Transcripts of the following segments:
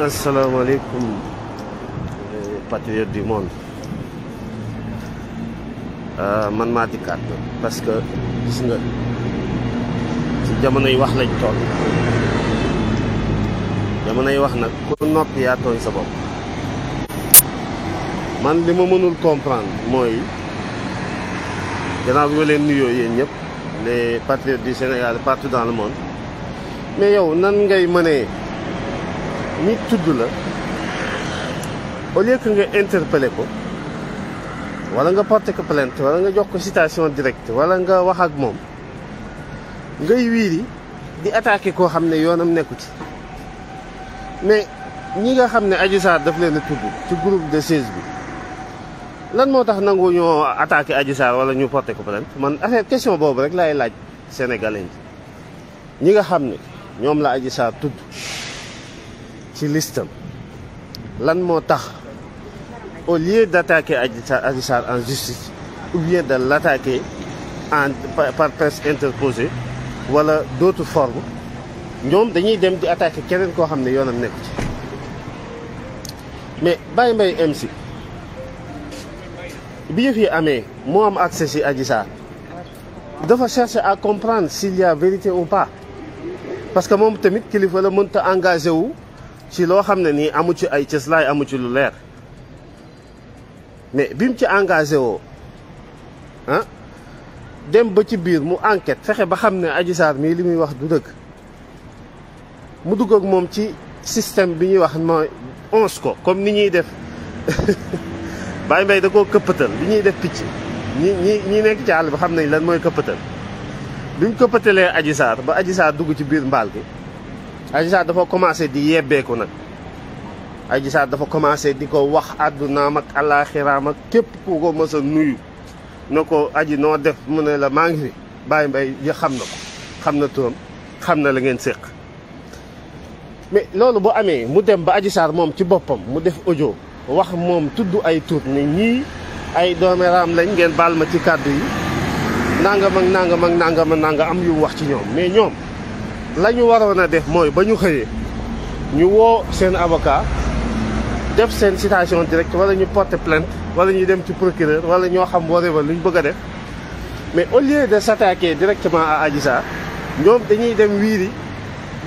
asalaamaaleykum eh, patriotes du monde ah, man maa dikkaat na parce que gis nga ci jamonoy wax lañ toll jamonoy wax nag ku noppi yaa tooñ sa bopp man li ma mënul comprendre mooy gannaaw bi ma leen nuyoo yéen ñëpp les patriotes du Sénégal partout dans le monde mais yow nan ngay mënee nit tudd la au lieu que nga interpellé ko wala nga porté ko plainte wala nga jox ko citation directe wala nga wax ak moom ngay wiiri di attaqué koo xam ne yoonam nekku ci mais ñi nga xam ne Adji Sarr daf leen a tudd ci groupe de 16 bi lan moo tax nangu ñoo attaqué Adji Sarr wala ñu porté ko plainte man affaire question boobu rek laay laaj sénégalais ñi nga xam ne ñoom la Adji ci listam lan mo tax au lieu d'attaquer Adji en justice ou bien de l'attaquer par presse interposée ou d'autres formes nous dañuy dem di attaquer qui qui xamné ne yoonam nekk ci mais Baye MC bi vous yi amé mo am accès à Adji dafa chercher à comprendre s'il y a vérité ou pas parce que mom tamit kilifa la ta engagé wu ci loo xam ne nii amu ci ay cëslaay amu ci lu leer mais bi ci engagé woo ah dem ba ci biir mu enquête fexe ba xam ne Adji Sarr mii li muy wax du dëgg mu dugg ak moom ci système bi ñuy wax mooy onze ko comme ni ñuy def Baye Mbaye da koo këppatal li ñuy def picc ñi ñi ñi nekk ci àll bi xam nañ lan mooy këppatal bi mu këppatalee Adji ba Adji Sarr dugg ci biir mbaal gi Adji Sarr dafa commencé di yebbeeku nag Adji Sarr dafa commencé di ko wax àddunaam ak àllaaxiraam képp ku ko mës nuyu na ko aji noo def mu ne la maa ngi fi bàyyi mbay xam na ko xam na turam xam na la ngeen séq mais loolu bu amee mu dem ba Adji Sarr moom ci boppam mu def audio wax moom tudd ay tur ni ñii ay doomeraam lañ ngeen baal ma ci kàddu yi nangam ak nanga ak nangam ak nangam am yu wax ci ñoom mais ñoom la ñu waroon a def mooy ba ñu xëyee ñu woo seen avocat def seen citation directe wala ñu porter plainte wala ñu dem ci procureur wala ñoo xam whatever lu ñu bëgg a def mais au lieu de s'attaquer directement à ñoom dañuy dem wiiri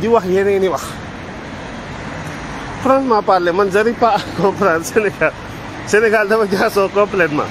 di wax yeneen i wax franchement parler man j'arrive pas à comprendre Sénégal Sénégal dafa jaasoo complètement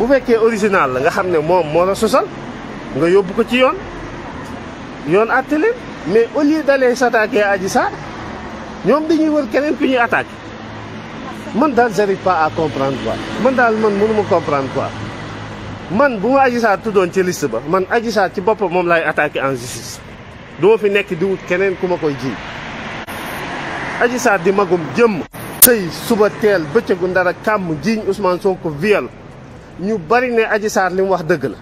bu fekkee original la nga xam ne moom moo la sosal nga yóbbu ko ci yoon yoon àtte leen mais au lieu d'aller s'attaquer à Adji Sarr ñoom dañuy wër keneen ku ñuy attaqué man daal j'arrive pas à comprendre quoi man daal man mënuma comprendre quoi man bu ma Adji Sarr tuddoon ci liste ba man Adji Sarr ci boppam moom laay attaqué en justice du fi nekk di wut keneen ku ma koy ji Adji Sarr di magum jëmm sëy suba teel bëccëgu ndara kàmm jiiñ Ousmane Sonko viol ñu bari ne Adji Sarr li mu wax dëgg la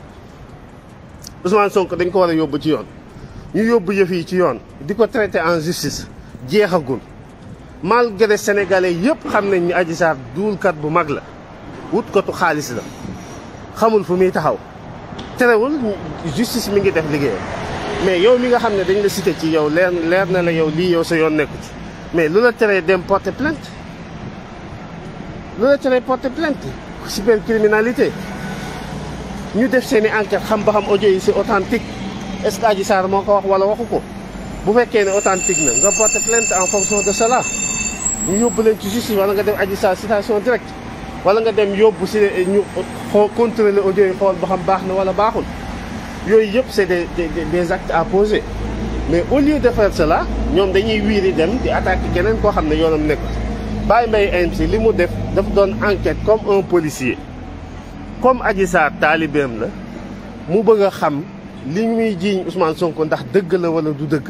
Ousmane sonk dañ ko war a yóbbu ci yoon ñu yóbbu yëf yi ci yoon di ko traité en justice jeexagul malgré sénégalais yëpp xam nañ ni Adji Sarr duulkat bu mag la wut kotu xaalis la xamul fu muy taxaw terewul justice mi ngi def liggéeyam mais yow mi nga xam ne dañ la cité ci yow leer leer na la yow lii yow sa yoon nekku ci mais lu la tere dem porte plainte lu la tere porte plainte cybercriminalité ñu def seen i enquête xam ba xam audio yi c'est authentique est-ce moo ko wax wala waxu ko bu fekkee ne authentique na nga porter lent en fonction de cela ñu yóbbu leen ci justice wala nga def Adji Sarr citation directe wala nga dem yóbbu si ñu xoo ojo yi xool ba xam baax na wala baaxul yooyu yëpp c'est des des actes à poser mais au lieu de faire cela ñoom dañuy wiiri dem di attaquer keneen koo xam ne yoonam nekkul Baye MC limu def dafa doon enquête comme un policier comme Adji Sarr taalibeem la mu bëgg xam li ñuy jiiñ Ousmane Sonko ndax deug la wala du deug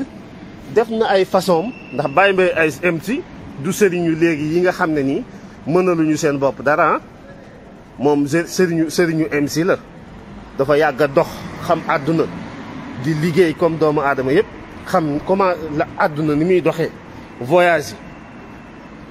def na ay façon ndax Baye MC du sëriñu léegi yi nga xam ni nii mënaluñu seen bopp dara mom sëriñu sëriñu MC la dafa yàgg dox xam aduna di liggéey comme doomu adama yëpp xam comment la àdduna ni muy doxé voyage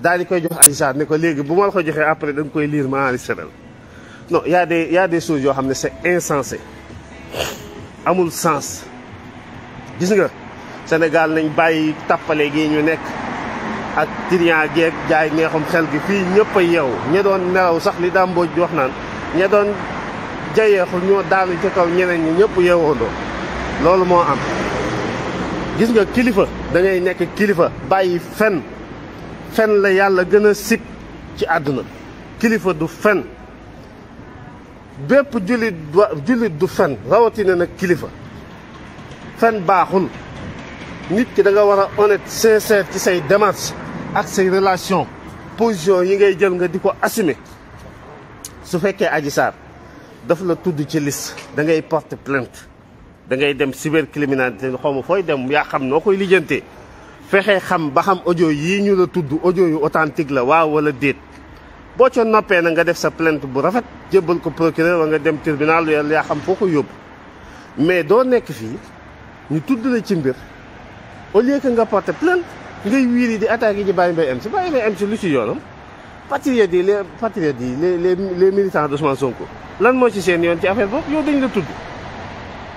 daal di koy jox Adji ne ko léegi bu ma la ko joxee après da koy lire ma enregistré la non y a des y a yoo xam ne c'est insensé amul sens gis nga Sénégal nañ bàyyi tàppale gi ñu nekk ak trian geek jaay neexum xel gi fii ñëpp a yeewu ña doon nelaw sax li daa mbooj di wax naan ña doon jayeexu ñoo daanu ci kaw ñeneen ñi ñëpp yeewoondoo loolu moo am gis nga kilifa da nekk kilifa bàyyi fen fen la yàlla gën a sib ci àdduna kilifa du fen bépp jullit du fen rawatina nag kilifa fen baaxul nit ki da nga war a honnête sincère ci say démarche ak say relation position yi ngay jël nga di ko assumer su fekkee Adji Sarr daf la tudd ci lis da ngay porter plainte da ngay dem cybercriminalité xaw ma fooy dem yaa xam noo koy lijjantee fexe xam ba xam audio yii ñu la tudd audio yu authentique la waaw wala déet boo ca noppee na nga def sa plainte bu rafet jébbal ko procureur wa nga dem tribunal yàlla yaa xam foo ko yóbbu mais doo nekk fii ñu tudd la ci mbir au lieu que nga porter plainte ngay wiiri di attaques yi ci Baye Mbaye MC Baye Mbaye MC lu ci yoonam patriotes yi les patriotes yi les les les militants d'Ousmane Sonko lan moo ci seen yoon ci affaire boobu yow dañ la tudd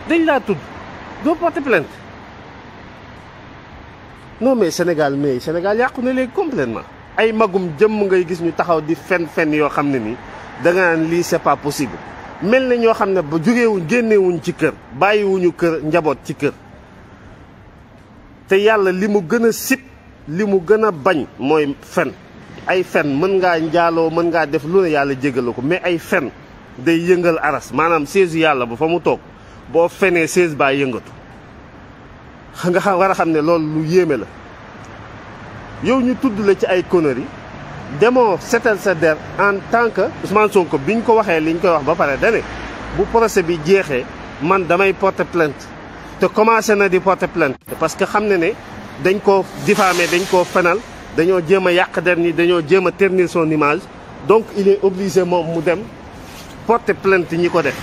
dañ laa tudd doo porter plainte non mais Sénégal mais Sénégal yàqu na léegi complètement ay magum jëmm ngay gis ñu taxaw di fen fen yoo xam ne nii da nga naan lii c'est pas possible mel na ñoo xam ne ba jógeewuñ génnewuñ ci kër bàyyiwuñu kër njaboot ci kër te yàlla li mu gën a sib li mu gën a bañ mooy fen ay fen mën ngaa njaaloo mën ngaa def lu ne yàlla jégalu ko mais ay fen day yëngal aras maanaam séesu yàlla bu fa mu toog boo fenee sées baa yëngatu nga xam lu la yow ñu ci ay conneries en tant que Ousmane Sonko que ko waxee koy wax ba bu procès bi man damay porter plainte te commencé na di porter plainte parce que xam dañ dañ a der ni son image donc il est obligé moom mu porter plainte ñi def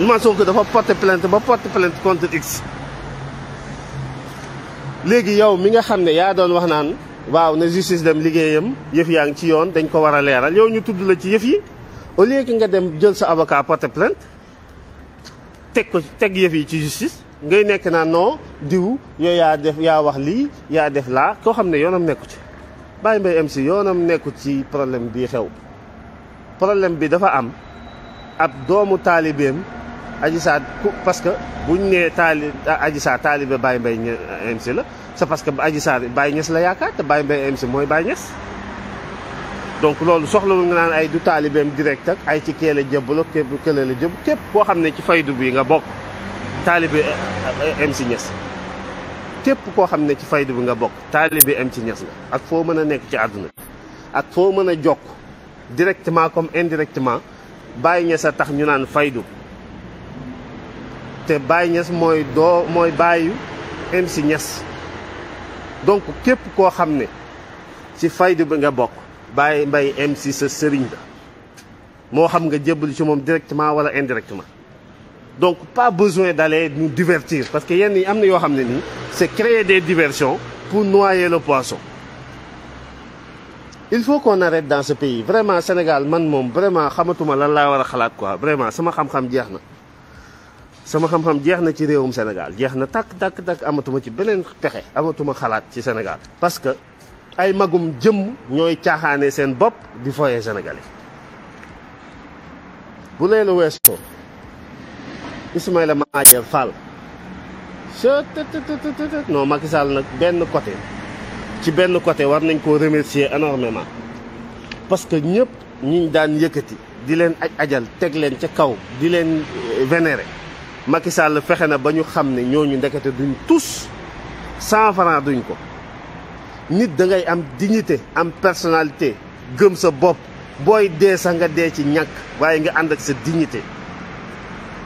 Ousmane Sonko dafa porter plainte porter plainte contre X léegi yow mi nga xam ne yaa doon wax naan waaw na justice dem liggéeyam yëf yaa ngi ci yoon dañ ko war a leeral yow ñu tudd la ci yëf yi au lieu nga dem jël sa avocat porter plainte teg ko teg yëf yi ci justice ngay nekk naa noo diw yow yaa def yaa wax lii yaa def laa koo xam ne yoonam nekku ci Baye Mbaye MC yoonam nekku ci problème bii xew problème bi dafa am ab doomu taalibeem Adji Sarr parce que bu ñu nee taali Adji Sarr taalibe Baye Mbaye euh, MC la sa parce que Adji Sarr Baye Niass la yaakaar te Baye Mbaye MC mooy Baye Niass donc loolu soxlawul nga naan ay du taalibeem direct ak ay ci kee la jëbbal ak képp kële la jëbb képp koo xam ne ci faydu bi nga bokk taalibe euh, MC Niass képp koo xam ne ci faydu bi nga bokk taalibe MC Niass la ak foo mën a nekk ci àdduna ak foo mën a jokk directement comme indirectement Baye Niass a tax ñu naan faydu te Baye Niass mooy doo mooy MC Niass donc képp ko xamné ci faydu nga bok Baye mbay MC sa serigne la moo xam nga jébbalu ci mom directement wala indirectement donc pas besoin d'aller nous divertir parce que yenn amna yo xamné ni c'est créer des diversions pour noyer le poisson il faut qu'on arrête dans ce pays vraiment Sénégal man mom vraiment xamatuma lan la wara a quoi vraiment sama xam-xam jeex sama xam-xam jeex na ci réewum Sénégal jeex na tàkk tàkk tàkk amatuma ci beneen pexe amatuma xalaat ci Sénégal parce que ay magum jëmm ñooy caaxaane seen bopp di foyee Sénégalais bu leen weesoo Ismaïla Madior Fall tt non Macky Sall nag benn côté ci benn côté war nañ koo remercier énormément parce que ñëpp ñiñ daan yëkkati di leen aj ajal teg leen ca kaw di leen euh, vénérer Macky Sall fexe na ba ñu xam ne ñooñu ndekete duñ tous cent franc duñ ko nit da ngay am dignité am personnalité gëm sa bopp booy dee sax nga dee ci ñàkk waaye nga ànd ak sa dignité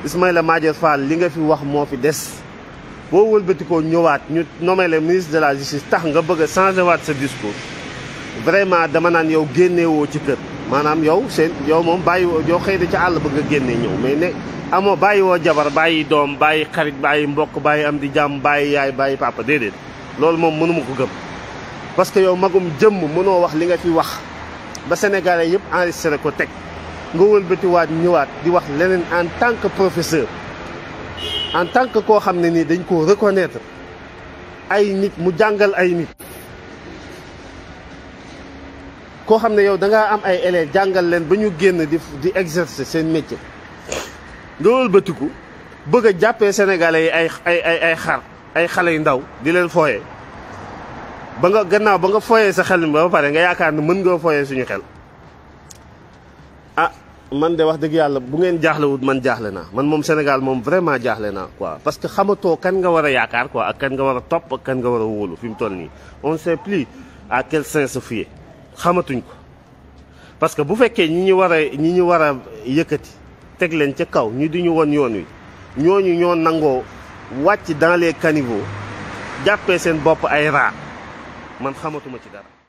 Ismaïla Madior Fall li nga fi wax moo fi des boo wëlbatikoo ñëwaat ñu nommé le ministre de la justice tax nga bëgg a changé waat sa discours vraiment dama naan yow génnewoo ci kër maanaam yow seen yow moom bàyyi woo yow xëy na ca àll ba nga génnee ñëw mais ne amoo bàyyi woo jabar bàyyi doom bàyyi xarit bàyyi mbokk bàyyi am di jàmm bàyyi yaay bàyyi papa déedéet loolu moom mënuma ko gëm parce que yow magum jëmm mënoo wax li nga fi wax ba sénégalais yëpp enregistré ko teg nga wëlbatiwaat ñëwaat di wax leneen en tant que professeur en tant que koo xam ne nii dañ koo reconnaître ay nit mu jàngal ay nit koo xam ne yow da am ay élèves jàngal leen ba ñu génn di di exercer seen métier nga wëlbatiku bëgg a jàppee sénégalais yi ay ay ay ay xar ay xale yu ndaw di leen fooyee ba nga gannaaw ba nga fooyee sa xel mi ba pare nga yaakaar ni mën nga fooyee suñu xel ah man de wax dëgg yàlla bu ngeen jaaxlewut man jaaxle naa man moom Sénégal moom vraiment jaaxle naa quoi parce que xamatoo kan nga war a yaakaar quoi ak kan nga war a topp ak kan nga war a wóolu fi mu toll nii on sait plus à quel saint se fier xamatuñ ko parce que bu fekkee ñi ñu war a ñi ñu war a yëkkati teg leen ca kaw ñi di ñu won yoon wi ñoo ñu ñoo nangoo wàcc dans les caniveaux jàppee seen bopp ay raa man xamatuma ci dara